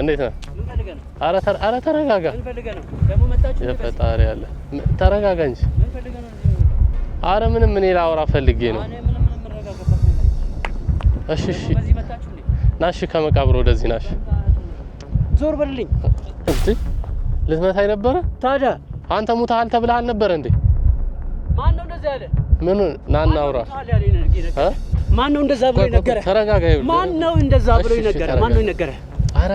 እንዴት ነህ? ኧረ ተረጋጋ። የፈጣሪ አለ ተረጋጋ እንጂ። ኧረ ምንም እኔ ላወራ ፈልጌ ነው። እሺ እሺ፣ ናሽ ከመቃብር ወደዚህ ናሽ። ዞር በልልኝ። እንዴ ልትመታኝ ነበረ? ታዲያ አንተ ሙታሃል ተብለሃል ነበረ እንዴ? ማን ነው እንደዚህ ያለ? ምን ና እናውራ። ማን ነው እንደዛ ብሎ ይነገረ? ተረጋጋ። ማን ነው እንደዛ ብሎ ይነገረ? ማን ነው ይነገረ?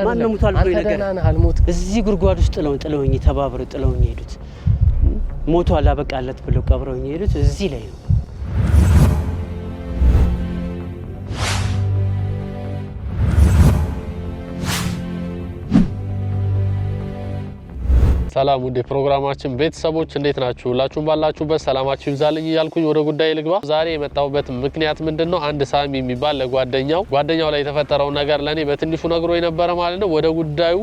ማነው እዚህ ጉድጓድ ውስጥ ጥለው ጥለውኝ ተባብረው ጥለውኝ ሄዱት። ሞቷል አበቃለት ብለው ቀብረውኝ ሄዱት እዚህ ላይ ነው። ሰላም ውድ ፕሮግራማችን ቤተሰቦች እንዴት ናችሁ? ሁላችሁም ባላችሁበት ሰላማችሁ ይብዛልኝ እያልኩኝ ወደ ጉዳይ ልግባ። ዛሬ የመጣሁበት ምክንያት ምንድን ነው? አንድ ሳሚ የሚባል ለጓደኛው ጓደኛው ላይ የተፈጠረውን ነገር ለእኔ በትንሹ ነግሮ የነበረ ማለት ነው። ወደ ጉዳዩ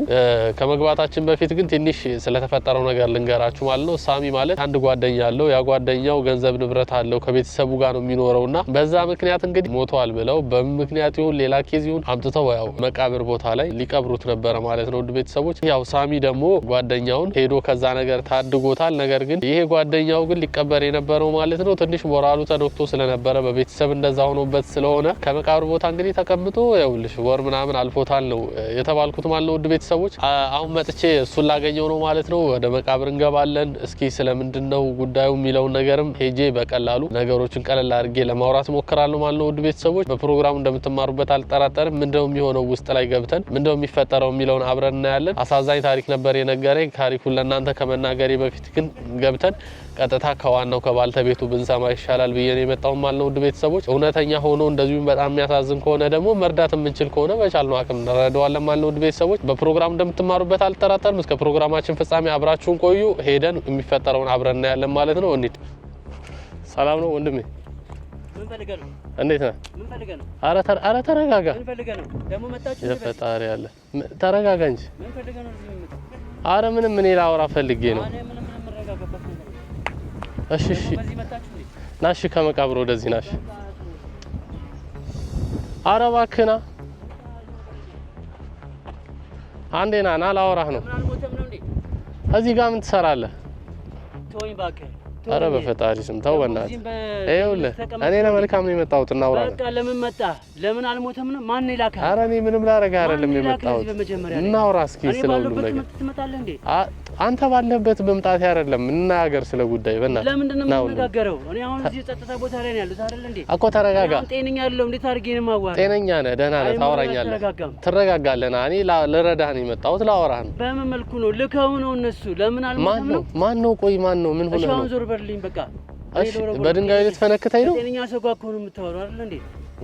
ከመግባታችን በፊት ግን ትንሽ ስለተፈጠረው ነገር ልንገራችሁ ማለት ነው። ሳሚ ማለት አንድ ጓደኛ አለው። ያ ጓደኛው ገንዘብ ንብረት አለው፣ ከቤተሰቡ ጋር ነው የሚኖረው እና በዛ ምክንያት እንግዲህ ሞተዋል ብለው በምን ምክንያት ይሁን ሌላ ኬዝ ይሁን አምጥተው ያው መቃብር ቦታ ላይ ሊቀብሩት ነበረ ማለት ነው። ውድ ቤተሰቦች ያው ሳሚ ደግሞ ጓደኛውን ሄዶ ከዛ ነገር ታድጎታል። ነገር ግን ይሄ ጓደኛው ግን ሊቀበር የነበረው ማለት ነው ትንሽ ሞራሉ ተዶክቶ ስለነበረ በቤተሰብ እንደዛ ሆኖበት ስለሆነ ከመቃብር ቦታ እንግዲህ ተቀምጦ ያውልሽ ወር ምናምን አልፎታል ነው የተባልኩት ማለት ነው። ውድ ቤተሰቦች አሁን መጥቼ እሱን ላገኘው ነው ማለት ነው። ወደ መቃብር እንገባለን። እስኪ ስለምንድን ነው ጉዳዩ የሚለውን ነገርም ሄጄ በቀላሉ ነገሮችን ቀለል አድርጌ ለማውራት ሞክራለሁ ማለት ነው። ውድ ቤተሰቦች በፕሮግራሙ እንደምትማሩበት አልጠራጠርም። ምንድነው የሚሆነው ውስጥ ላይ ገብተን ምንድነው የሚፈጠረው የሚለውን አብረን እናያለን። አሳዛኝ ታሪክ ነበር የነገረኝ ታሪኩ ሂደቱን ለእናንተ ከመናገሬ በፊት ግን ገብተን ቀጥታ ከዋናው ከባልተቤቱ ብንሰማ ይሻላል ብዬ ነው የመጣው ማለት ውድ ቤተሰቦች። እውነተኛ ሆኖ እንደዚሁም በጣም የሚያሳዝን ከሆነ ደግሞ መርዳት የምንችል ከሆነ በቻልነው አቅም እንረዳዋለን ማለት ውድ ቤተሰቦች። በፕሮግራም እንደምትማሩበት አልጠራጠርም። እስከ ፕሮግራማችን ፍጻሜ አብራችሁን ቆዩ። ሄደን የሚፈጠረውን አብረን እናያለን ማለት ነው። እንሂድ። ሰላም ነው ወንድሜ? እንዴት ነህ? ተረጋጋ። ያለ ተረጋጋ እንጂ አረ ምንም እኔ ላወራ ፈልጌ ነው። እሺ እሺ፣ ናሽ ከመቃብር ወደዚህ ናሽ። አረ እባክህ ና አንዴ ና፣ ላወራህ ነው። እዚህ ጋር ምን ትሰራለህ? ተወኝ እባክህ አረ በፈጣሪ ስም ተው፣ በእናትህ ይኸውልህ፣ እኔ ለመልካም ነው የመጣሁት። እናውራ። በቃ ለምን መጣ? ለምን አልሞተም ነው? ማን ይላካል? አረ እኔ ምንም ላረጋ አይደለም የመጣሁት። እናውራ እስኪ ስለሁሉም ነገር። አንተ ባለበት መምጣት አይደለም። እናገር ስለ ጉዳይ በእናትህ። ለምንድን ነው የምንነጋገረው? እኔ አሁን እዚህ ጸጥታ ቦታ ላይ ነው ያሉት አይደል እንዴ? እኮ ተረጋጋ። ጤነኛ አይደለሁም። እንዴት አድርጌ ነው የማዋራህ? ጤነኛ ነህ፣ ደህና ነህ፣ ታወራኛለህ፣ ትረጋጋለህ። እኔ ልረዳህ ነው የመጣሁት፣ ላወራህ ነው። በምን መልኩ ነው? ልከው ነው እነሱ። ለምን አልመጣም ነው? ማን ነው? ቆይ ማን ነው? ምን ሆነህ ነው? አሁን ዞር በልልኝ በቃ። እሺ፣ በድንጋይ ልትፈነክተኝ ነው? ጤነኛ ሰው ጋር እኮ ነው የምታወራው አይደል እንዴ?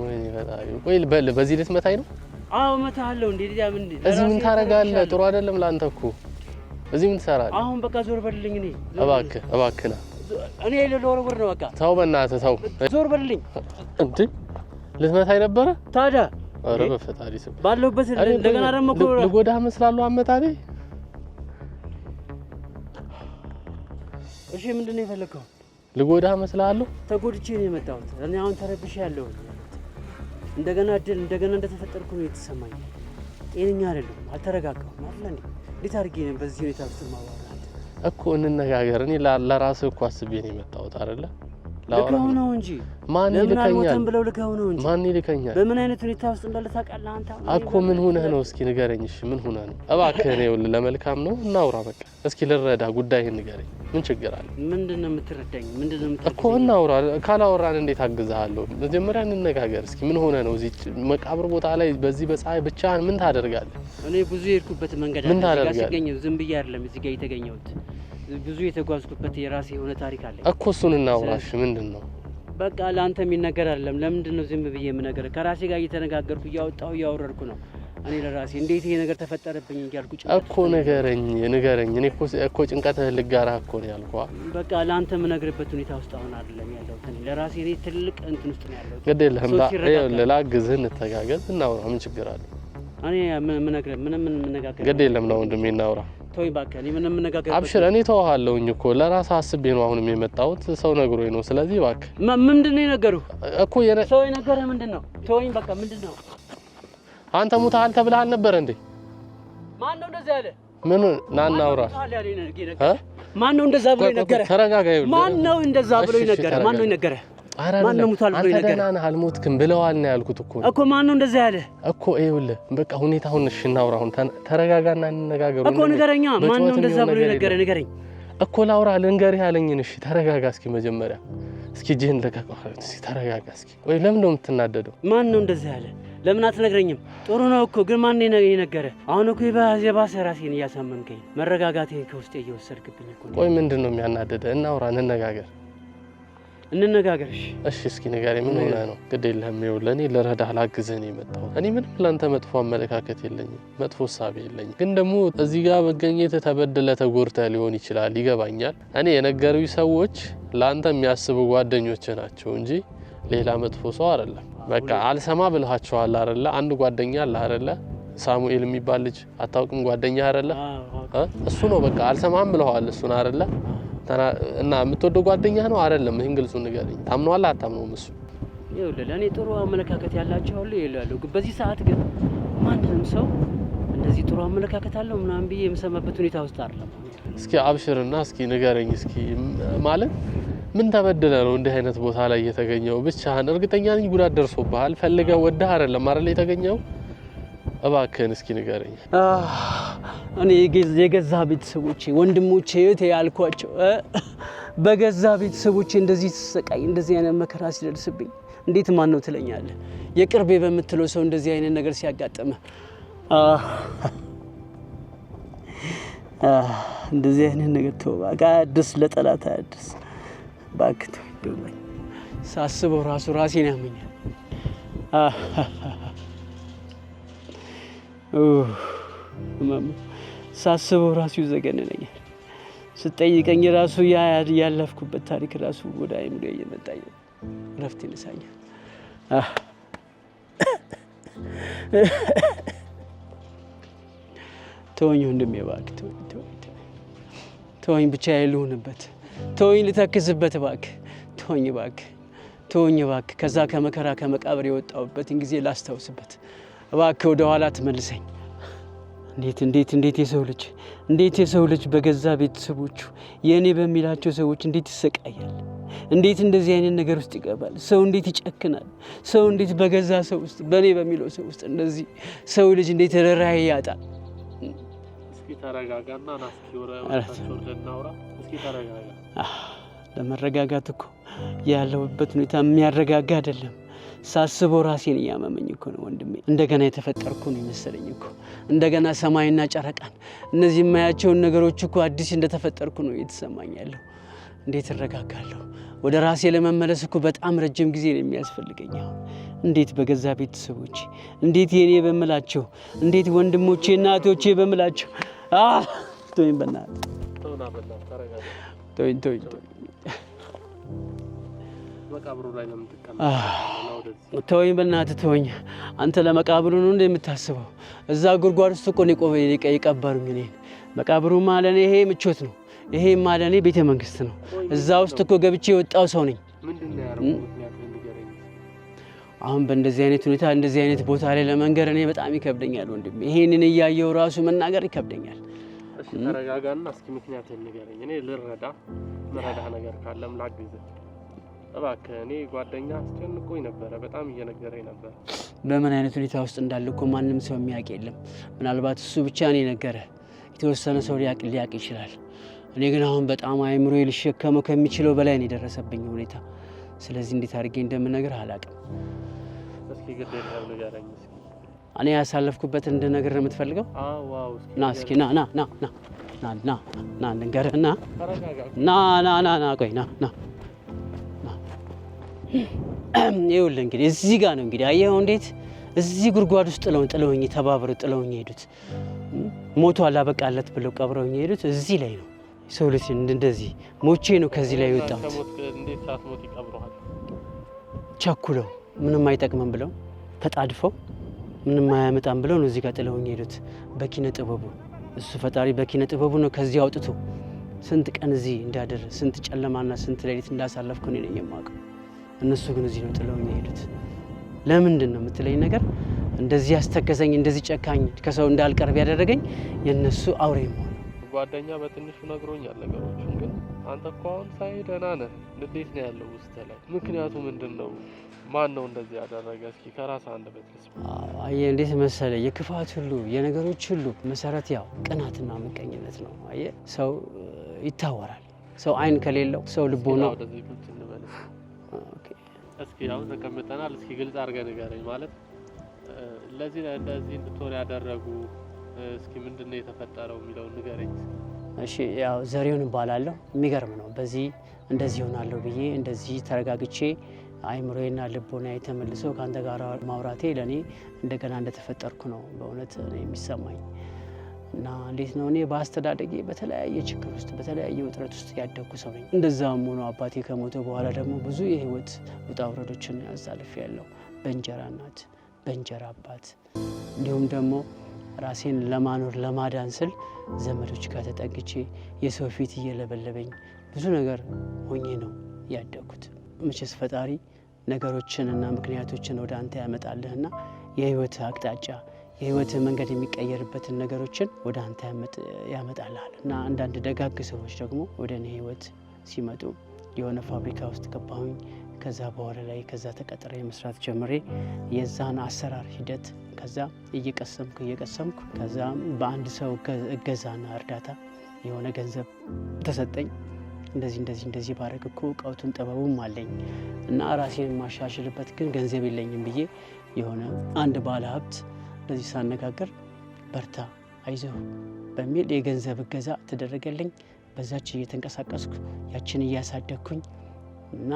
ወይኔ ፈጣሪ። ቆይ በል፣ በዚህ ልትመታኝ ነው? አዎ እመታሃለሁ። እንዴ እዚህ ምን ታረጋለህ ጥሩ አይደለም ለአንተ እኮ እዚህ ምን ትሰራለህ? አሁን በቃ ዞር በልልኝ። እኔ እባክህ እባክህ ና። እኔ ልወረውር ነው በቃ። ተው በእናትህ ተው፣ ዞር በልልኝ። እንዴ ልትመታኝ ነበረ ታዲያ? ኧረ በፈጣሪ ስም ባለሁበት እንደገና ደግሞ ልጎዳህ መስላለሁ አመጣጤ። እሺ ምንድን ነው የፈለግከው? ልጎዳህ መስላለሁ። ተጎድቼ ነው የመጣሁት እኔ አሁን ተረብሼ ያለሁት እንደገና ድል እንደገና እንደተፈጠርኩ ነው የተሰማኝ። ጤነኛ አይደለሁም፣ አልተረጋጋሁም አለ እንዴ እንዴት አድርጌ ነው በዚህ ሁኔታ ውስጥ እኮ እንነጋገር። እኔ ለራስህ እኮ አስቤ ነው የመጣሁት አይደለ ልከው ነው እንጂ ማን ይልከኛል ብለው ልከው ነው እንጂ ማን ይልከኛል? በምን አይነት ሁኔታ ውስጥ እንዳለ ታውቃለህ አንተ እኮ። ምን ሆነህ ነው? እስኪ ንገረኝ። እሺ ምን ሆነህ ነው? እባክህ ነው ለመልካም ነው። እናውራ በቃ። እስኪ ልረዳ፣ ጉዳይህን ንገረኝ። ምን ችግር አለ? ምንድን ነው የምትረዳኝ? ምንድን ነው እኮ? እናውራ። ካላወራን እንዴት አግዝሃለሁ? መጀመሪያ እንነጋገር እስኪ። ምን ሆነህ ነው? እዚህ መቃብር ቦታ ላይ በዚህ በፀሐይ ብቻህን ምን ታደርጋለህ? እኔ ብዙ የሄድኩበት መንገድ አለ። ምን ታደርጋለህ? ዝም ብዬ አይደለም እዚህ ጋር የተገኘሁት ብዙ የተጓዝኩበት የራሴ የሆነ ታሪክ አለ እኮ። እሱን እናውራሽ። ምንድን ነው በቃ ለአንተ የሚነገር አይደለም። ለምንድን ነው ዝም ብዬ የምነገር? ከራሴ ጋር እየተነጋገርኩ እያወጣሁ እያወረድኩ ነው። እኔ ለራሴ እንዴት ይሄ ነገር ተፈጠረብኝ እያልኩ እኮ ንገረኝ፣ ንገረኝ። እኔ እኮ ጭንቀትህን ልጋራ እኮ ነው ያልኳ። በቃ ለአንተ የምነግርበት ሁኔታ ውስጥ አሁን አይደለም ያለሁት። እኔ ለራሴ እኔ ትልቅ እንትን ውስጥ ነው ያለሁት። ግድ የለህም፣ ላግዝህ፣ እንተጋገዝ፣ እናውራ። ምን ችግር አለ? እኔ ምንም የምነጋገር ግድ የለም። ነው ወንድሜ፣ እናውራ ተወኝ እባክህ። እኔ ምንም ነገር አብሽር፣ እኔ ተዋሃለሁኝ እኮ ለራስህ አስቤ ነው አሁንም የመጣሁት። ሰው ነግሮኝ ነው። ስለዚህ እባክህ ምንድን ነው የነገሩህ እኮ ሰው የነገረህ ምንድን ነው? ተወኝ በቃ። ምንድን ነው አንተ ሙታሃል ተብለሃል ነበር እንዴ? ማን ነው እንደዚህ ያለ? ምን ና እናውራ። ማን ነው እንደዛ ብሎ የነገረህ? ተረጋጋ። ማን ነው እንደዛ ብሎ የነገረህ? ማን ነው የነገረህ? አልተደናነህ አልሞትክም ብለዋል ነው ያልኩት እኮ እኮ ማነው እንደዚያ ያለህ እኮ ይኸውልህ በቃ ሁኔታውን እሺ እናውራ አሁን ተረጋጋና እንነጋገሩ እኮ ንገረኛ ማነው እንደዛ ብሎ የነገረህ ንገረኝ እኮ ላውራ ልንገርህ ያለኝን እሺ ተረጋጋ እስኪ መጀመሪያ እስኪ እጅህን ለቀቅ ተረጋጋ እስኪ ወይ ለምን ነው የምትናደደው ማነው እንደዚያ ያለህ ለምን አትነግረኝም? ጥሩ ነው እኮ ግን ማን የነገረ? አሁን እኮ የባሰ ራሴን እያሳመምከኝ መረጋጋቴን ከውስጤ እየወሰድክብኝ እኮ። ቆይ ምንድን ነው የሚያናደደ? እናውራ፣ እንነጋገር እንነጋገርሽ። እሺ እስኪ ንገረኝ፣ ምን ሆነ ነው? ግድ የለህም። ይኸውልህ እኔ ልረዳህ ላግዝህ ነው የመጣሁት። እኔ ምንም ለአንተ መጥፎ አመለካከት የለኝም፣ መጥፎ እሳቤ የለኝም። ግን ደግሞ እዚህ ጋር መገኘት ተበድለ ተጎርተ ሊሆን ይችላል፣ ይገባኛል። እኔ የነገሩኝ ሰዎች ለአንተ የሚያስቡ ጓደኞች ናቸው እንጂ ሌላ መጥፎ ሰው አይደለም። በቃ አልሰማ ብልሃቸዋል አይደለ? አንድ ጓደኛ አለ አይደለ? ሳሙኤል የሚባል ልጅ አታውቅም? ጓደኛ አይደለ? እሱ ነው በቃ አልሰማም ብለዋል። እሱን አይደለ እና የምትወደው ጓደኛ ነው አይደለም? ይህን ግልጹ ንገረኝ። ታምነዋለህ አታምነውም? እሱ ይኸውልህ ለእኔ ጥሩ አመለካከት ያላቸው አሉ ይላሉ። በዚህ ሰዓት ግን ማንም ሰው እንደዚህ ጥሩ አመለካከት አለው ምናምን ብዬ የምሰማበት ሁኔታ ውስጥ አይደለም። እስኪ አብሽርና እስኪ ንገረኝ እስኪ ማለት ምን ተበደለ ነው እንዲህ አይነት ቦታ ላይ የተገኘው? ብቻህን እርግጠኛ ነኝ ጉዳት ደርሶብሃል። ፈልገህ ወደህ አይደለም አይደል የተገኘው? እባክህን እስኪ ንገረኝ። እኔ የገዛ ቤተሰቦቼ ወንድሞቼ፣ እህቴ ያልኳቸው በገዛ ቤተሰቦቼ እንደዚህ ስሰቃይ እንደዚህ አይነት መከራ ሲደርስብኝ እንዴት ማን ነው ትለኛለህ? የቅርቤ በምትለው ሰው እንደዚህ አይነት ነገር ሲያጋጥመ እንደዚህ አይነት ነገር ተው እባክህ፣ አያድስ ለጠላት አድስ እባክህ ሳስበው ራሱ ራሴን ያመኛል። ሳስበው ራሱ ይዘገንነኛል። ስጠይቀኝ ራሱ ያለፍኩበት ታሪክ ራሱ ወደ አይምሮ እየመጣ ረፍት ይነሳኛል። ተወኝ ወንድሜ ባክ ተወኝ፣ ብቻ ብቻዬን ተወኝ ልተክዝበት፣ ባክ ተወኝ፣ ባክ ተወኝ፣ ባክ ከዛ ከመከራ ከመቃብር የወጣሁበትን ጊዜ ላስታውስበት እባክህ ወደ ኋላ ትመልሰኝ። እንዴት እንዴት እንዴት የሰው ልጅ እንዴት የሰው ልጅ በገዛ ቤተሰቦቹ የእኔ በሚላቸው ሰዎች እንዴት ይሰቃያል? እንዴት እንደዚህ አይነት ነገር ውስጥ ይገባል? ሰው እንዴት ይጨክናል? ሰው እንዴት በገዛ ሰው ውስጥ በእኔ በሚለው ሰው ውስጥ እንደዚህ ሰው ልጅ እንዴት ርኅራኄ ያጣል? ለመረጋጋት እኮ ያለሁበት ሁኔታ የሚያረጋጋ አይደለም። ሳስበው ራሴን እያመመኝ እኮ ነው ወንድሜ። እንደገና የተፈጠርኩ ነው የመሰለኝ እኮ እንደገና ሰማይና ጨረቃን እነዚህ የማያቸውን ነገሮች እኮ አዲስ እንደተፈጠርኩ ነው እየተሰማኝ ያለው። እንዴት እረጋጋለሁ? ወደ ራሴ ለመመለስ እኮ በጣም ረጅም ጊዜ ነው የሚያስፈልገኝ። እንዴት በገዛ ቤተሰቦች፣ እንዴት የኔ በምላቸው፣ እንዴት ወንድሞቼ እና እህቶቼ በምላቸው። ቶኝ በእናትህ ቶኝ ቶኝ ላይ ነው ተወኝ፣ በእናትህ ተወኝ። አንተ ለመቃብሩ ነው እንደ የምታስበው? እዛ ጉድጓድ ውስጥ እኮ የቀበሩኝ እኔን። መቃብሩማ ለእኔ ይሄ ምቾት ነው፣ ይሄማ ለእኔ ቤተ መንግስት ነው። እዛ ውስጥ እኮ ገብቼ የወጣው ሰው ነኝ። አሁን በእንደዚህ አይነት ሁኔታ እንደዚህ አይነት ቦታ ላይ ለመንገር እኔ በጣም ይከብደኛል ወንድም። ይሄንን እያየው ራሱ መናገር ይከብደኛል። ተረጋጋና እስኪ ምክንያት ንገረኝ፣ እኔ ልረዳ። መረዳ ነገር ካለም ላግዝህ እባክህ እኔ ጓደኛ አስጨንቆኝ ነበረ፣ በጣም እየነገረኝ ነበረ። በምን አይነት ሁኔታ ውስጥ እንዳለ እኮ ማንም ሰው የሚያውቅ የለም። ምናልባት እሱ ብቻ እኔ ነገረ የተወሰነ ሰው ሊያቅ ሊያቅ ይችላል። እኔ ግን አሁን በጣም አይምሮ ሊሸከመው ከሚችለው በላይ ነው የደረሰብኝ ሁኔታ። ስለዚህ እንዴት አድርጌ እንደምነግር አላውቅም። እኔ ያሳለፍኩበትን እንድነግር ነው የምትፈልገው? ና እስኪ ና ና ና ና ና ና ልንገርህ። ና ና ና ና ቆይ ና ና ይኸውልህ እንግዲህ እዚህ ጋር ነው እንግዲህ አየኸው፣ እንዴት እዚህ ጉድጓድ ውስጥ ጥለውን ጥለውኝ ተባብረው ጥለውኝ ሄዱት። ሞቶ አላበቃለት ብለው ቀብረውኝ ሄዱት። እዚህ ላይ ነው ሰው ልጅ እንደዚህ ሞቼ ነው ከዚህ ላይ የወጣሁት። ቸኩለው ምንም አይጠቅምም ብለው ተጣድፈው ምንም አያመጣም ብለው ነው እዚህ ጋር ጥለውኝ ሄዱት። በኪነ ጥበቡ እሱ ፈጣሪ በኪነ ጥበቡ ነው ከዚህ አውጥቶ ስንት ቀን እዚህ እንዳደረ ስንት ጨለማና ስንት ሌሊት እንዳሳለፍኩ እኔ ነኝ የማውቀው። እነሱ ግን እዚህ ነው ጥለው የሚሄዱት። ለምንድን ነው የምትለኝ ነገር እንደዚህ ያስተከዘኝ እንደዚህ ጨካኝ ከሰው እንዳልቀርብ ያደረገኝ የእነሱ አውሬ መሆን ጓደኛ በትንሹ ነግሮኛል ነገሮችን። ግን አንተ እኮ አሁን ሳይ ደህና ነህ፣ ንዴት ነው ያለው ውስጥ ላይ ምክንያቱ ምንድን ነው? ማን ነው እንደዚህ ያደረገ? እስኪ ከራስ አንድ በትስ አየ እንዴት መሰለ የክፋት ሁሉ የነገሮች ሁሉ መሰረት ያው ቅናትና ምቀኝነት ነው። አየ ሰው ይታወራል። ሰው አይን ከሌለው ሰው ልቦና እስኪ አሁን ተቀምጠናል፣ እስኪ ግልጽ አድርገህ ንገረኝ ማለት ለዚህ ለዚህ እንድትሆን ያደረጉ እስኪ ምንድን ነው የተፈጠረው የሚለውን ንገረኝ። እሺ ያው ዘሪሁን እባላለሁ። የሚገርም ነው። በዚህ እንደዚህ ይሆናለሁ ብዬ እንደዚህ ተረጋግቼ አይምሮዬና ልቦና ተመልሶ ከአንተ ጋር ማውራቴ ለእኔ እንደገና እንደተፈጠርኩ ነው በእውነት የሚሰማኝ። እና እንዴት ነው እኔ በአስተዳደጌ በተለያየ ችግር ውስጥ በተለያየ ውጥረት ውስጥ ያደግኩ ሰው ነኝ። እንደዛም ሆኖ አባቴ ከሞተ በኋላ ደግሞ ብዙ የህይወት ውጣ ውረዶችን ያሳልፍ ያለው በእንጀራ እናት፣ በእንጀራ አባት እንዲሁም ደግሞ ራሴን ለማኖር ለማዳን ስል ዘመዶች ጋር ተጠግቼ የሰው ፊት እየለበለበኝ ብዙ ነገር ሆኜ ነው ያደግኩት። መቼስ ፈጣሪ ነገሮችንና ምክንያቶችን ወደ አንተ ያመጣልህና የህይወት አቅጣጫ የህይወትህ መንገድ የሚቀየርበትን ነገሮችን ወደ አንተ ያመጣልሃል እና አንዳንድ ደጋግ ሰዎች ደግሞ ወደ እኔ ህይወት ሲመጡ የሆነ ፋብሪካ ውስጥ ገባሁኝ፣ ከዛ በኋላ ላይ ከዛ ተቀጥሬ መስራት ጀምሬ የዛን አሰራር ሂደት ከዛ እየቀሰምኩ እየቀሰምኩ ከዛ በአንድ ሰው እገዛና እርዳታ የሆነ ገንዘብ ተሰጠኝ። እንደዚህ እንደዚህ እንደዚህ ባረግ እኮ እውቀቱን ጥበቡም አለኝ እና ራሴን ማሻሽልበት ግን ገንዘብ የለኝም ብዬ የሆነ አንድ ባለ ሀብት እንደዚህ ሳነጋገር በርታ አይዞህ በሚል የገንዘብ እገዛ ተደረገልኝ። በዛች እየተንቀሳቀስኩ ያችን እያሳደግኩኝ እና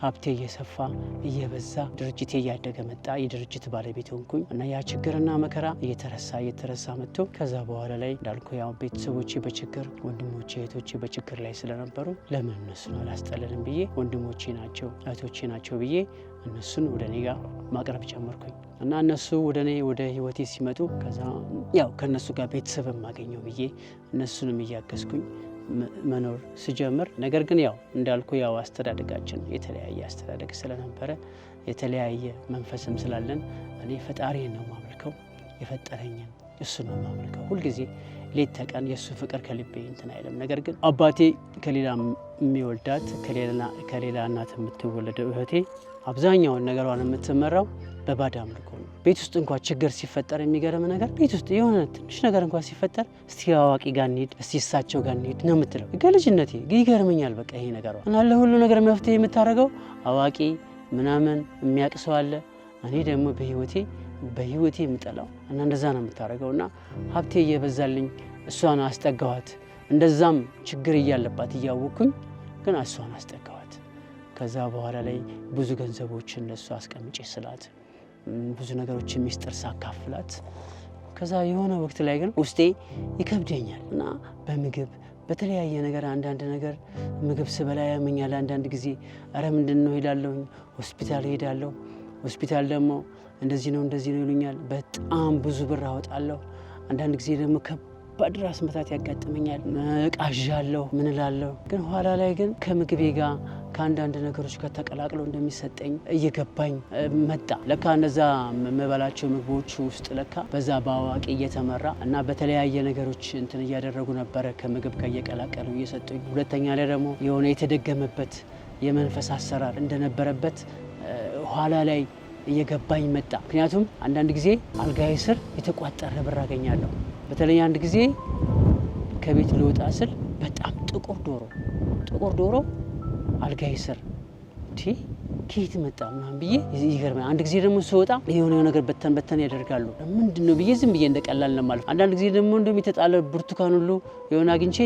ሀብቴ እየሰፋ እየበዛ ድርጅቴ እያደገ መጣ። የድርጅት ባለቤት ሆንኩኝ እና ያ ችግርና መከራ እየተረሳ እየተረሳ መጥቶ ከዛ በኋላ ላይ እንዳልኩ ያው ቤተሰቦቼ በችግር ወንድሞቼ እህቶቼ በችግር ላይ ስለነበሩ ለምን እነሱን አላስጠለንም ብዬ ወንድሞቼ ናቸው እህቶቼ ናቸው ብዬ እነሱን ወደ እኔ ጋር ማቅረብ ጀመርኩኝ እና እነሱ ወደ እኔ ወደ ህይወቴ ሲመጡ ከዛ ያው ከእነሱ ጋር ቤተሰብ ማገኘው ብዬ እነሱንም እያገዝኩኝ መኖር ስጀምር፣ ነገር ግን ያው እንዳልኩ ያው አስተዳደጋችን የተለያየ አስተዳደግ ስለነበረ የተለያየ መንፈስም ስላለን እኔ ፈጣሪን ነው ማመልከው፣ የፈጠረኝን እሱ ነው ማመልከው። ሁልጊዜ ሌት ተቀን የእሱ ፍቅር ከልቤ እንትን አይልም። ነገር ግን አባቴ ከሌላ የሚወልዳት ከሌላ እናት የምትወለደው እህቴ አብዛኛውን ነገሯን የምትመራው በባዳ አምልኮ ነው። ቤት ውስጥ እንኳ ችግር ሲፈጠር የሚገርም ነገር ቤት ውስጥ የሆነ ትንሽ ነገር እንኳ ሲፈጠር እስቲ አዋቂ ጋር እንሂድ፣ እስቲ እሳቸው ጋር እንሂድ ነው የምትለው። ከልጅነቴ ይገርመኛል። በቃ ይሄ ነገር እና ለሁሉ ነገር መፍትሄ የምታደርገው አዋቂ ምናምን የሚያቅሰው አለ። እኔ ደግሞ በህይወቴ በህይወቴ የምጠላው እና እንደዛ ነው የምታደርገው። እና ሀብቴ እየበዛልኝ እሷን አስጠጋኋት። እንደዛም ችግር እያለባት እያወቅኩኝ ግን እሷን አስጠጋኋት። ከዛ በኋላ ላይ ብዙ ገንዘቦችን ለእሱ አስቀምጬ ስላት ብዙ ነገሮች ሚስጥር ሳካፍላት ከዛ የሆነ ወቅት ላይ ግን ውስጤ ይከብደኛል እና በምግብ በተለያየ ነገር አንዳንድ ነገር ምግብ ስበላ ያመኛል። አንዳንድ ጊዜ እረ ምንድን ነው ሄዳለሁ፣ ሆስፒታል ሄዳለሁ። ሆስፒታል ደግሞ እንደዚህ ነው እንደዚህ ነው ይሉኛል። በጣም ብዙ ብር አወጣለሁ። አንዳንድ ጊዜ ደግሞ ከባድ ራስ ምታት ያጋጥመኛል፣ መቃዣለሁ፣ ምን እላለሁ። ግን ኋላ ላይ ግን ከምግቤ ጋር ከአንዳንድ ነገሮች ጋር ተቀላቅሎ እንደሚሰጠኝ እየገባኝ መጣ። ለካ እነዛ የምበላቸው ምግቦች ውስጥ ለካ በዛ በአዋቂ እየተመራ እና በተለያየ ነገሮች እንትን እያደረጉ ነበረ ከምግብ ጋር እየቀላቀሉ እየሰጡኝ። ሁለተኛ ላይ ደግሞ የሆነ የተደገመበት የመንፈስ አሰራር እንደነበረበት ኋላ ላይ እየገባኝ መጣ። ምክንያቱም አንዳንድ ጊዜ አልጋዬ ስር የተቋጠረ ብር አገኛለሁ። በተለይ አንድ ጊዜ ከቤት ልወጣ ስል በጣም ጥቁር ዶሮ ጥቁር ዶሮ አልጋይ ስር ከየት መጣ ምናምን ብዬ ይገርመኛል። አንድ ጊዜ ደግሞ ስወጣ የሆነ ነገር በተን በተን ያደርጋሉ። ምንድን ነው ብዬ ዝም ብዬ እንደቀላል ለማለፍ አንዳንድ ጊዜ ደግሞ እንደውም የተጣለ ብርቱካን ሁሉ የሆነ አግኝቼ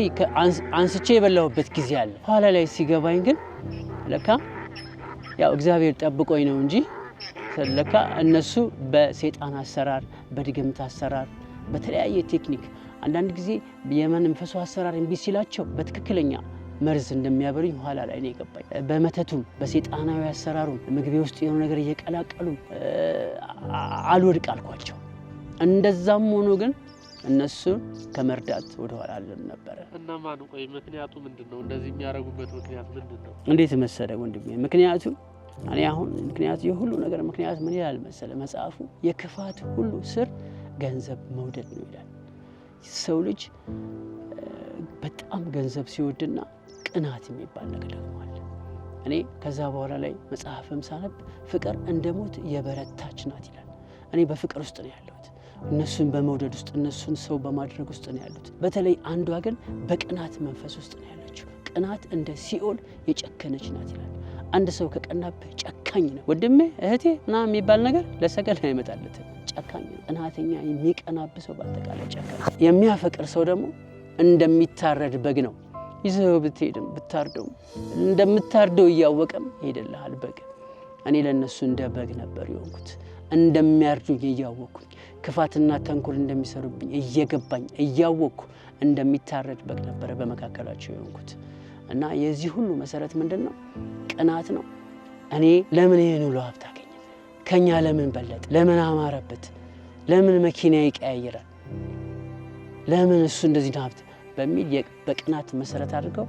አንስቼ የበላሁበት ጊዜ አለ። ኋላ ላይ ሲገባኝ ግን ለካ ያው እግዚአብሔር ጠብቆኝ ነው እንጂ ለካ እነሱ በሴጣን አሰራር፣ በድግምት አሰራር በተለያየ ቴክኒክ አንዳንድ ጊዜ የመንፈሱ አሰራር እምቢ ሲላቸው በትክክለኛ መርዝ እንደሚያበሩኝ ኋላ ላይ ነው የገባኝ። በመተቱም በሴጣናዊ አሰራሩም ምግቤ ውስጥ የሆነ ነገር እየቀላቀሉ አልወድቅ አልኳቸው። እንደዛም ሆኖ ግን እነሱን ከመርዳት ወደኋላ አለም ነበረ። እናማን ቆይ ምክንያቱ ምንድን ነው? እንደዚህ የሚያደርጉበት ምክንያት ምንድን ነው? እንዴት መሰለ ወንድሜ፣ ምክንያቱ እኔ አሁን ምክንያቱ የሁሉ ነገር ምክንያት ምን ይላል መሰለ መጽሐፉ የክፋት ሁሉ ስር ገንዘብ መውደድ ነው ይላል። ሰው ልጅ በጣም ገንዘብ ሲወድና ቅናት የሚባል ነገር ደግሞ አለ። እኔ ከዛ በኋላ ላይ መጽሐፍም ሳነብ ፍቅር እንደ ሞት የበረታች ናት ይላል። እኔ በፍቅር ውስጥ ነው ያለሁት፣ እነሱን በመውደድ ውስጥ፣ እነሱን ሰው በማድረግ ውስጥ ነው ያሉት። በተለይ አንዷ ግን በቅናት መንፈስ ውስጥ ነው ያለችው። ቅናት እንደ ሲኦል የጨከነች ናት ይላል። አንድ ሰው ከቀናብህ ጨካኝ ነው ወንድሜ እህቴ ምናምን የሚባል ነገር ለሰገል አይመጣለትም። ጨካኝ ቅናተኛ፣ የሚቀናብ ሰው በአጠቃላይ ጨካኝ። የሚያፈቅር ሰው ደግሞ እንደሚታረድ በግ ነው። ይዘው ብትሄድም ብታርደውም እንደምታርደው እያወቀም ይሄድልሃል በግ። እኔ ለእነሱ እንደ በግ ነበር የሆንኩት እንደሚያርዱኝ እያወቅኩኝ ክፋትና ተንኮል እንደሚሰሩብኝ እየገባኝ እያወቅኩ እንደሚታረድ በግ ነበረ በመካከላቸው የሆንኩት። እና የዚህ ሁሉ መሰረት ምንድን ነው? ቅናት ነው። እኔ ለምን ይህን ሁሉ ሀብት አገኘ? ከኛ ለምን በለጥ ለምን አማረበት? ለምን መኪና ይቀያይራል? ለምን እሱ እንደዚህ ሀብት በሚል በቅናት መሰረት አድርገው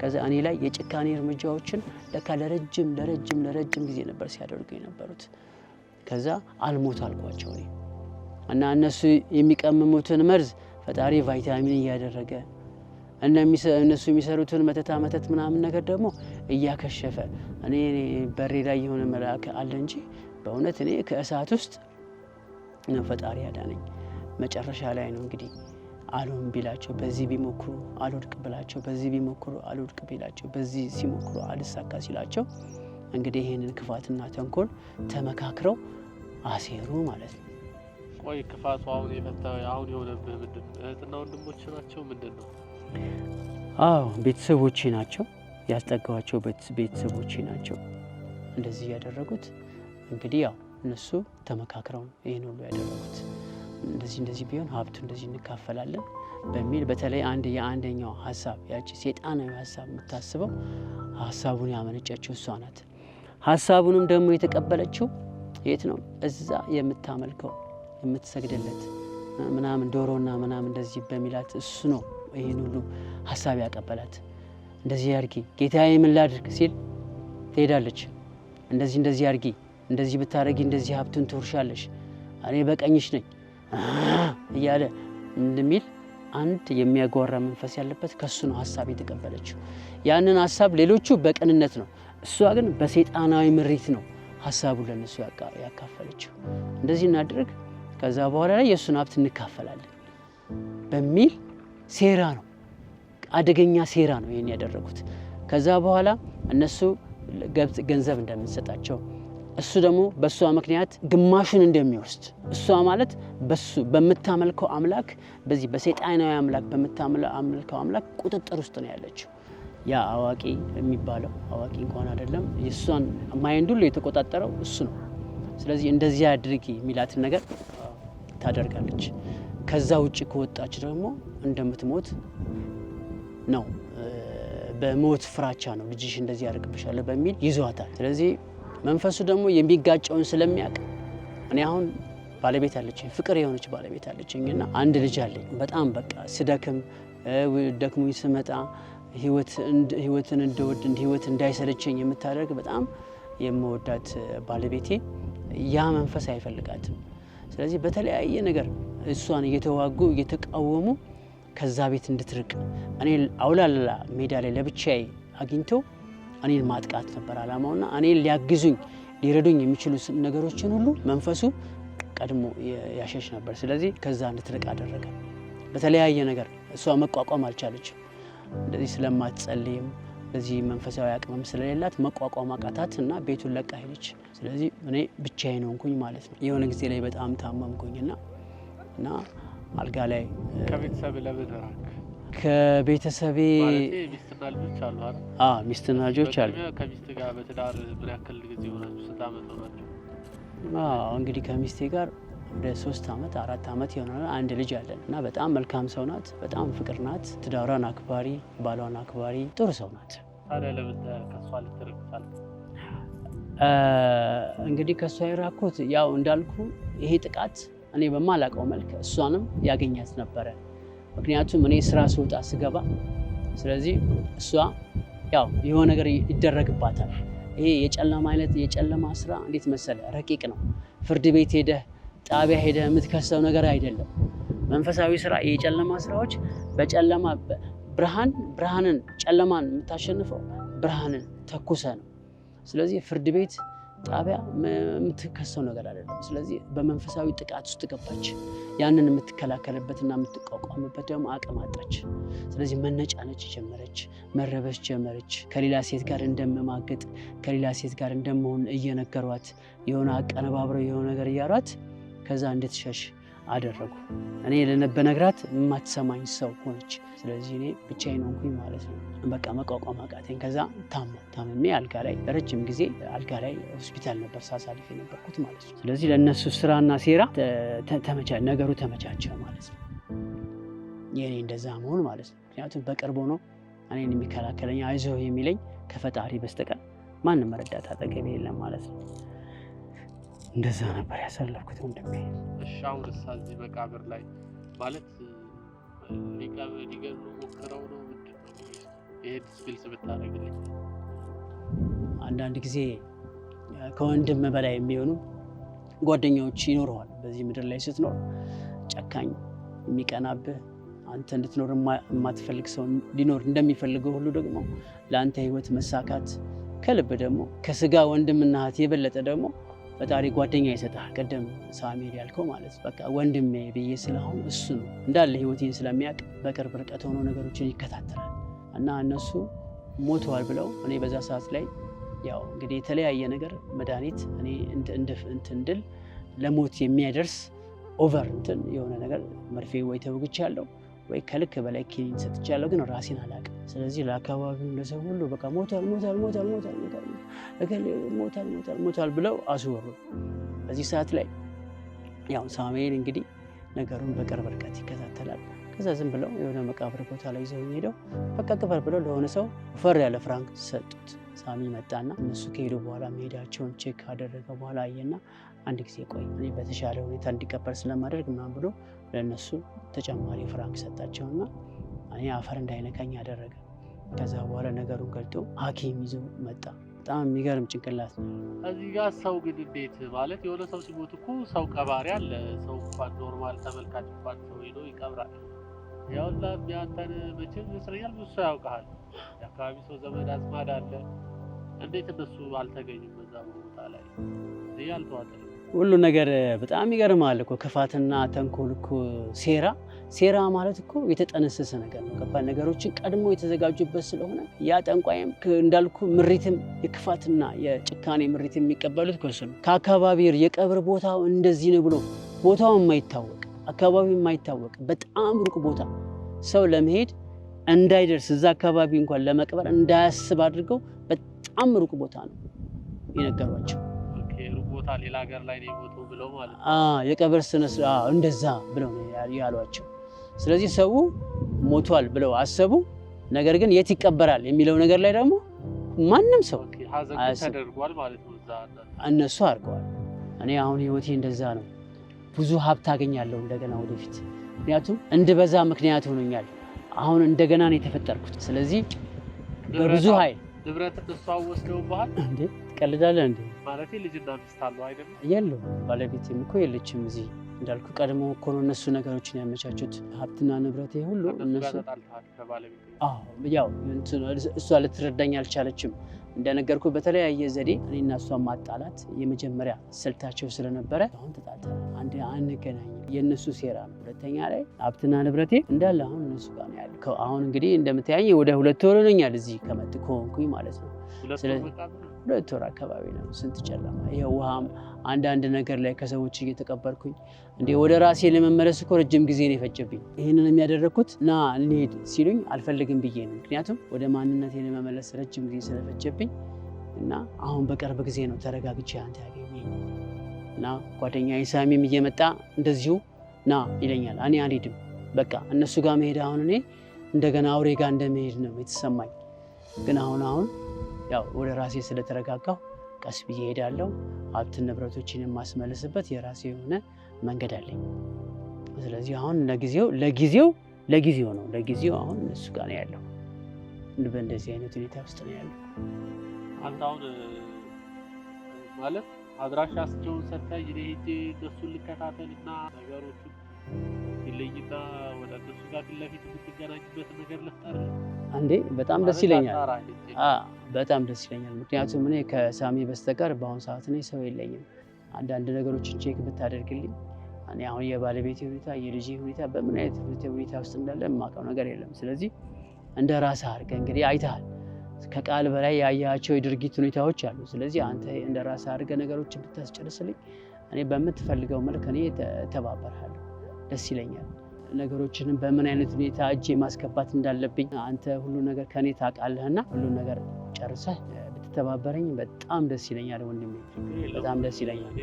ከዛ እኔ ላይ የጭካኔ እርምጃዎችን ለካ ለረጅም ለረጅም ለረጅም ጊዜ ነበር ሲያደርጉ የነበሩት። ከዛ አልሞት አልኳቸው እኔ እና እነሱ የሚቀምሙትን መርዝ ፈጣሪ ቫይታሚን እያደረገ እነሱ የሚሰሩትን መተታ መተት ምናምን ነገር ደግሞ እያከሸፈ እኔ በሬዳ የሆነ መልአክ አለ እንጂ በእውነት እኔ ከእሳት ውስጥ ነው ፈጣሪ ያዳነኝ። መጨረሻ ላይ ነው እንግዲህ አልሆን ቢላቸው በዚህ ቢሞክሩ አልወድቅ ብላቸው በዚህ ቢሞክሩ አልወድቅ ቢላቸው በዚህ ሲሞክሩ አልሳካ ሲላቸው እንግዲህ ይህንን ክፋትና ተንኮል ተመካክረው አሴሩ ማለት ነው። ቆይ ክፋቱ አሁን የመታ አሁን የሆነብህ ምንድን ነው? እህትና ወንድሞች ናቸው ምንድን ነው? አዎ ቤተሰቦቼ ናቸው ያስጠጋዋቸው ቤተሰቦቼ ናቸው እንደዚህ ያደረጉት። እንግዲህ ያው እነሱ ተመካክረው ይህን ሁሉ ያደረጉት እንደዚህ እንደዚህ ቢሆን ሀብቱ እንደዚህ እንካፈላለን በሚል በተለይ አንድ የአንደኛው ሀሳብ ያቺ ሴጣናዊ ሀሳብ የምታስበው ሀሳቡን ያመነጨችው እሷ ናት። ሀሳቡንም ደግሞ የተቀበለችው የት ነው? እዛ የምታመልከው የምትሰግድለት ምናምን ዶሮና ምናምን እንደዚህ በሚላት እሱ ነው ይህን ሁሉ ሀሳብ ያቀበላት። እንደዚህ አድርጊ ጌታዬ፣ ምን ላድርግ ሲል ትሄዳለች። እንደዚህ እንደዚህ አድርጊ፣ እንደዚህ ብታደርጊ እንደዚህ ሀብትን ትውርሻለሽ፣ እኔ በቀኝሽ ነኝ እያለ እንደሚል አንድ የሚያጓራ መንፈስ ያለበት ከሱ ነው ሀሳብ የተቀበለችው። ያንን ሀሳብ ሌሎቹ በቅንነት ነው፣ እሷ ግን በሰይጣናዊ ምሪት ነው ሀሳቡ ለነሱ ያካፈለችው። እንደዚህ እናድርግ ከዛ በኋላ ላይ የእሱን ሀብት እንካፈላለን በሚል ሴራ ነው፣ አደገኛ ሴራ ነው ይህን ያደረጉት። ከዛ በኋላ እነሱ ግብፅ ገንዘብ እንደምንሰጣቸው እሱ ደግሞ በእሷ ምክንያት ግማሹን እንደሚወስድ እሷ ማለት በሱ በምታመልከው አምላክ በዚህ በሰይጣናዊ አምላክ በምታመልከው አምላክ ቁጥጥር ውስጥ ነው ያለችው። ያ አዋቂ የሚባለው አዋቂ እንኳን አይደለም፣ የእሷን ማይንድ ሁሉ የተቆጣጠረው እሱ ነው። ስለዚህ እንደዚህ አድርጊ የሚላትን ነገር ታደርጋለች። ከዛ ውጭ ከወጣች ደግሞ እንደምትሞት ነው። በሞት ፍራቻ ነው ልጅሽ እንደዚህ ያደርግብሻል በሚል ይዟታል። ስለዚህ መንፈሱ ደግሞ የሚጋጨውን ስለሚያውቅ እኔ አሁን ባለቤት አለችኝ፣ ፍቅር የሆነች ባለቤት አለችኝ እና አንድ ልጅ አለኝ። በጣም በቃ ስደክም ደክሞኝ ስመጣ ህይወትን እንደወድ ህይወት እንዳይሰለቸኝ የምታደርግ በጣም የምወዳት ባለቤቴ ያ መንፈስ አይፈልጋትም። ስለዚህ በተለያየ ነገር እሷን እየተዋጉ እየተቃወሙ ከዛ ቤት እንድትርቅ እኔ አውላላ ሜዳ ላይ ለብቻዬ አግኝተው እኔን ማጥቃት ነበር አላማውና እኔን ሊያግዙኝ ሊረዱኝ የሚችሉ ነገሮችን ሁሉ መንፈሱ ቀድሞ ያሸሽ ነበር። ስለዚህ ከዛ እንድትርቅ አደረገ። በተለያየ ነገር እሷ መቋቋም አልቻለችም። እንደዚህ ስለማትጸልይም በዚህ መንፈሳዊ አቅምም ስለሌላት መቋቋም አቃታት እና ቤቱን ለቃ ሄደች። ስለዚህ እኔ ብቻዬን ሆንኩኝ ማለት ነው። የሆነ ጊዜ ላይ በጣም ታመምኩኝ እና እና አልጋ ላይ ከቤተሰብ ከቤተሰቤ ሚስትና ልጆች አሉ። ከሚስት ጋር በትዳር ምን ያክል ጊዜ ሆናችሁ? ስንት አመት ሆናችሁ? እንግዲህ ከሚስቴ ጋር ወደ ሶስት ዓመት አራት ዓመት የሆነ አንድ ልጅ አለን እና በጣም መልካም ሰው ናት። በጣም ፍቅር ናት። ትዳሯን አክባሪ፣ ባሏን አክባሪ ጥሩ ሰው ናት። እንግዲህ ከእሷ የራኩት ያው እንዳልኩ ይሄ ጥቃት እኔ በማላውቀው መልክ እሷንም ያገኛት ነበረ። ምክንያቱም እኔ ስራ ስወጣ ስገባ፣ ስለዚህ እሷ ያው የሆነ ነገር ይደረግባታል። ይሄ የጨለማ አይነት የጨለማ ስራ እንዴት መሰለ ረቂቅ ነው። ፍርድ ቤት ሄደህ ጣቢያ ሄደ የምትከሰው ነገር አይደለም። መንፈሳዊ ስራ፣ የጨለማ ስራዎች በጨለማ ብርሃን ብርሃንን ጨለማን የምታሸንፈው ብርሃንን ተኩሰ ነው። ስለዚህ ፍርድ ቤት ጣቢያ የምትከሰው ነገር አይደለም። ስለዚህ በመንፈሳዊ ጥቃት ውስጥ ገባች። ያንን የምትከላከልበትና የምትቋቋምበት ደግሞ አቅም አጣች። ስለዚህ መነጫነጭ ጀመረች፣ መረበች ጀመረች። ከሌላ ሴት ጋር እንደምማግጥ ከሌላ ሴት ጋር እንደመሆን እየነገሯት የሆነ አቀነባብረው የሆነ ነገር እያሏት ከዛ እንድትሸሽ አደረጉ። እኔ በነግራት የማትሰማኝ ሰው ሆነች። ስለዚህ እኔ ብቻዬን ሆንኩኝ ማለት ነው። በቃ መቋቋም አቃተኝ። ከዛ ታመ ታመሜ አልጋ ላይ ረጅም ጊዜ አልጋ ላይ ሆስፒታል ነበር ሳሳልፍ የነበርኩት ማለት ነው። ስለዚህ ለእነሱ ስራና ሴራ ነገሩ ተመቻቸ ማለት ነው። የእኔ እንደዛ መሆን ማለት ነው። ምክንያቱም በቅርቦ ነው እኔን የሚከላከለኝ አይዞ የሚለኝ ከፈጣሪ በስተቀር ማንም መረዳት አጠገብ የለም ማለት ነው። እንደዛ ነበር ያሳለፍኩት ወንድሜ። እሺ አሁን እሳ እዚህ መቃብር ላይ ማለት ሊገሉ ሞክረው ነው ምንድን ነው? ይሄ ግልጽ ብታደርግልኝ። አንዳንድ ጊዜ ከወንድም በላይ የሚሆኑ ጓደኛዎች ይኖረዋል። በዚህ ምድር ላይ ስትኖር ጨካኝ፣ የሚቀናብህ አንተ እንድትኖር የማትፈልግ ሰው ሊኖር እንደሚፈልገው ሁሉ ደግሞ ለአንተ ህይወት መሳካት ከልብ ደግሞ ከስጋ ወንድምና እህት የበለጠ ደግሞ ፈጣሪ ጓደኛ ይሰጣል። ቅድም ሳሜል ያልከው ማለት በቃ ወንድሜ ብዬ ስለሆን እሱ ነው እንዳለ ህይወቴን ስለሚያውቅ በቅርብ ርቀት ሆኖ ነገሮችን ይከታተላል እና እነሱ ሞተዋል ብለው እኔ በዛ ሰዓት ላይ ያው እንግዲህ የተለያየ ነገር መድኃኒት እኔ እንትን ለሞት የሚያደርስ ኦቨር እንትን የሆነ ነገር መርፌ ወይ ተወግቻለሁ ወይ ከልክ በላይ ኪኒን ሰጥቻለሁ፣ ግን ራሴን አላውቅም። ስለዚህ ለአካባቢው ለሰው ሁሉ በቃ ሞታል ሞታል ሞታል ሞታል ሞታል ሞታል ሞታል ብለው አስወሩ። በዚህ ሰዓት ላይ ያው ሳሙኤል እንግዲህ ነገሩን በቅርብ ርቀት ይከታተላል። ከዛ ዝም ብለው የሆነ መቃብር ቦታ ላይ ይዘው ሄደው በቃ ቅበር ብለው ለሆነ ሰው ፈር ያለ ፍራንክ ሰጡት። ሳሚ መጣና እነሱ ከሄዱ በኋላ መሄዳቸውን ቼክ ካደረገ በኋላ አየና አንድ ጊዜ ቆይ በተሻለ ሁኔታ እንዲቀበር ስለማደርግ ምናምን ብሎ ለእነሱ ተጨማሪ ፍራንክ ሰጣቸውና እኔ አፈር እንዳይነካኝ አደረገ። ከዛ በኋላ ነገሩን ገልጦ ሀኪም ይዞ መጣ። በጣም የሚገርም ጭንቅላት ነው። እዚህ ጋር ሰው ግድቤት ማለት የሆነ ሰው ሲሞት እኮ ሰው ቀባሪ አለ። ሰው እንኳን ኖርማል ተመልካች እንኳን ሰው ሄዶ ይቀብራል። ያውላ ያንተን መቼም ይመስለኛል ብዙ ሰው ያውቀሃል። የአካባቢ ሰው ዘመድ አዝማድ አለ። እንዴት እነሱ አልተገኙም? በዛ ቦታ ላይ እያልተዋጠ ሁሉ ነገር በጣም ይገርማል እኮ ክፋትና ተንኮል እኮ ሴራ ሴራ ማለት እኮ የተጠነሰሰ ነገር ነው። ከባድ ነገሮችን ቀድሞ የተዘጋጁበት ስለሆነ ያ ጠንቋይም እንዳልኩ ምሪትም የክፋትና የጭካኔ ምሪት የሚቀበሉት ከሱ ነው። ከአካባቢ የቀብር ቦታው እንደዚህ ነው ብሎ ቦታው የማይታወቅ አካባቢ የማይታወቅ በጣም ሩቅ ቦታ ሰው ለመሄድ እንዳይደርስ እዛ አካባቢ እንኳን ለመቅበር እንዳያስብ አድርገው በጣም ሩቅ ቦታ ነው የነገሯቸው። ቦታ ሌላ ሀገር ላይ ነው የሞቱ ብለው ማለት ነው የቀብር ስነ ስርዓት እንደዛ ብለው ያሏቸው። ስለዚህ ሰው ሞቷል ብለው አሰቡ። ነገር ግን የት ይቀበራል የሚለው ነገር ላይ ደግሞ ማንም ሰው ተደርጓል ማለት ነው። እነሱ አድርገዋል። እኔ አሁን ህይወቴ እንደዛ ነው። ብዙ ሀብት አገኛለሁ እንደገና ወደፊት፣ ምክንያቱም እንድበዛ ምክንያት ሆኖኛል። አሁን እንደገና ነው የተፈጠርኩት። ስለዚህ በብዙ ኃይል ንብረት እሷ ወስደው ባህል ትቀልዳለህ እንዴ? ማለቴ ልጅና ሚስት አለው አይደለም? የለው ባለቤቴም እኮ የለችም እዚህ እንዳልኩ ቀድሞ እኮ ነው እነሱ ነገሮችን ያመቻቹት። ሀብትና ንብረት ሁሉ እነሱ። ያው እሷ ልትረዳኝ አልቻለችም። እንደነገርኩ በተለያየ ዘዴ እኔና እሷ ማጣላት የመጀመሪያ ስልታቸው ስለነበረ አሁን ተጣልተናል። አንድ አንገናኝ የእነሱ ሴራ ነው። ሁለተኛ ላይ ሀብትና ንብረቴ እንዳለ አሁን እነሱ ጋር ነው ያለው። አሁን እንግዲህ እንደምታያኝ ወደ ሁለት ወር ሆኖኛል እዚህ ከመጥኮ እንኩኝ ማለት ነው። ሁለት ወር አካባቢ ነው። ስንት ጨለማ ይሄ ውሃም አንዳንድ ነገር ላይ ከሰዎች እየተቀበርኩኝ እን ወደ ራሴ ለመመለስ እኮ ረጅም ጊዜ ነው የፈጀብኝ። ይህንን የሚያደረግኩት ና እንሄድ ሲሉኝ አልፈልግም ብዬ ነው። ምክንያቱም ወደ ማንነት ለመመለስ ረጅም ጊዜ ስለፈጀብኝ እና አሁን በቅርብ ጊዜ ነው ተረጋግቼ አንተ ያገኘ እና ጓደኛ ሳሚም እየመጣ እንደዚሁ ና ይለኛል። እኔ አልሄድም። በቃ እነሱ ጋር መሄድ አሁን እኔ እንደገና አውሬ ጋር እንደመሄድ ነው የተሰማኝ። ግን አሁን አሁን ያው ወደ ራሴ ስለተረጋጋሁ ቀስ ብዬ ሄዳለሁ። ሀብትን ንብረቶችን የማስመልስበት የራሴ የሆነ መንገድ አለኝ። ስለዚህ አሁን ለጊዜው ለጊዜው ለጊዜው ነው ለጊዜው አሁን እሱ ጋር ነው ያለው። በእንደዚህ አይነት ሁኔታ ውስጥ ነው ያለው። አንተ አሁን ማለት አድራሻ ስቸውን ሰጥተህ ሄጄ እሱን ልከታተልና ነገሮቹ ቢለይና ወዳደሱ ጋር ፊት ለፊት የምትገናኙበት ነገር ልፍጠር። አንዴ በጣም ደስ ይለኛል። በጣም ደስ ይለኛል። ምክንያቱም እኔ ከሳሚ በስተቀር በአሁኑ ሰዓት እኔ ሰው የለኝም። አንዳንድ ነገሮችን ቼክ ብታደርግልኝ እኔ አሁን የባለቤቴ ሁኔታ የልጄ ሁኔታ በምን አይነት ሁኔታ ውስጥ እንዳለ የማውቀው ነገር የለም። ስለዚህ እንደ ራስህ አድርገህ እንግዲህ አይተሃል። ከቃል በላይ ያያቸው የድርጊት ሁኔታዎች አሉ። ስለዚህ አንተ እንደ ራስህ አድርገህ ነገሮችን ብታስጨርስልኝ እኔ በምትፈልገው መልክ እኔ ተባበርሃል። ደስ ይለኛል። ነገሮችንም በምን አይነት ሁኔታ እጄ ማስገባት እንዳለብኝ አንተ ሁሉ ነገር ከኔ ታውቃለህና ሁሉ ነገር ጨርሰህ ብትተባበረኝ በጣም ደስ ይለኛል ወንድሜ፣ በጣም ደስ ይለኛል።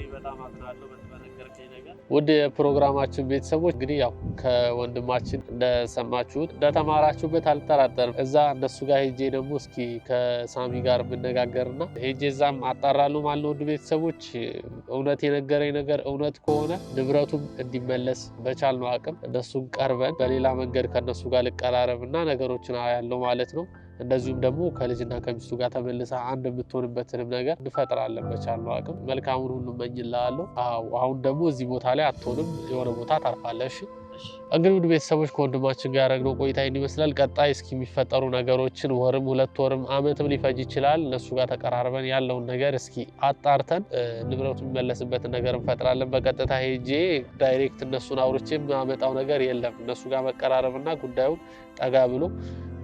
ውድ የፕሮግራማችን ቤተሰቦች እንግዲህ ያው ከወንድማችን እንደሰማችሁት እንደተማራችሁበት አልጠራጠርም። እዛ እነሱ ጋር ሄጄ ደግሞ እስኪ ከሳሚ ጋር የምነጋገርና ሄጄ እዛም አጣራሉ ማለት ነው። ውድ ቤተሰቦች እውነት የነገረኝ ነገር እውነት ከሆነ ንብረቱም እንዲመለስ በቻልነው አቅም እነሱን ቀርበን በሌላ መንገድ ከእነሱ ጋር ልቀራረብ ልቀራረብና ነገሮችን ያለው ማለት ነው። እንደዚሁም ደግሞ ከልጅና ከሚስቱ ጋር ተመልሳ አንድ የምትሆንበትንም ነገር እንፈጥራለን። በቻልነው አቅም መልካሙን ሁሉ እመኝልሃለሁ። አሁን ደግሞ እዚህ ቦታ ላይ አትሆንም፣ የሆነ ቦታ ታርፋለሽ። እንግዲህ ውድ ቤተሰቦች ከወንድማችን ጋር ያደረግነው ቆይታ ይመስላል። ቀጣይ እስኪ የሚፈጠሩ ነገሮችን ወርም ሁለት ወርም አመትም ሊፈጅ ይችላል። እነሱ ጋር ተቀራርበን ያለውን ነገር እስኪ አጣርተን ንብረቱ የሚመለስበትን ነገር እንፈጥራለን። በቀጥታ ሄጄ ዳይሬክት እነሱን አውርቼ የማመጣው ነገር የለም። እነሱ ጋር መቀራረብና ጉዳዩን ጠጋ ብሎ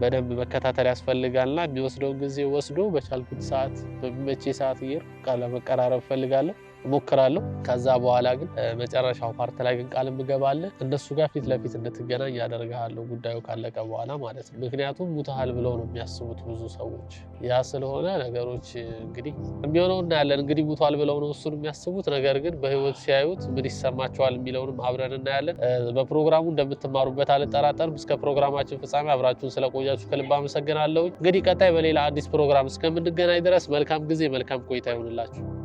በደንብ መከታተል ያስፈልጋልና ቢወስደው ጊዜ ወስዶ በቻልኩት ሰዓት በሚመቼ ሰዓት እየር ለመቀራረብ እፈልጋለሁ። እሞክራለሁ። ከዛ በኋላ ግን መጨረሻው ፓርት ላይ ግን ቃል እምገባለህ እነሱ ጋር ፊት ለፊት እንድትገናኝ ያደርግሃለሁ፣ ጉዳዩ ካለቀ በኋላ ማለት ነው። ምክንያቱም ሙትሃል ብለው ነው የሚያስቡት ብዙ ሰዎች። ያ ስለሆነ ነገሮች እንግዲህ የሚሆነው እናያለን። እንግዲህ ሙቷል ብለው ነው እሱን የሚያስቡት። ነገር ግን በህይወት ሲያዩት ምን ይሰማቸዋል የሚለውንም አብረን እናያለን። በፕሮግራሙ እንደምትማሩበት አልጠራጠርም። እስከ ፕሮግራማችን ፍጻሜ አብራችሁን ስለቆያችሁ ከልብ አመሰግናለሁ። እንግዲህ ቀጣይ በሌላ አዲስ ፕሮግራም እስከምንገናኝ ድረስ መልካም ጊዜ፣ መልካም ቆይታ ይሆንላችሁ።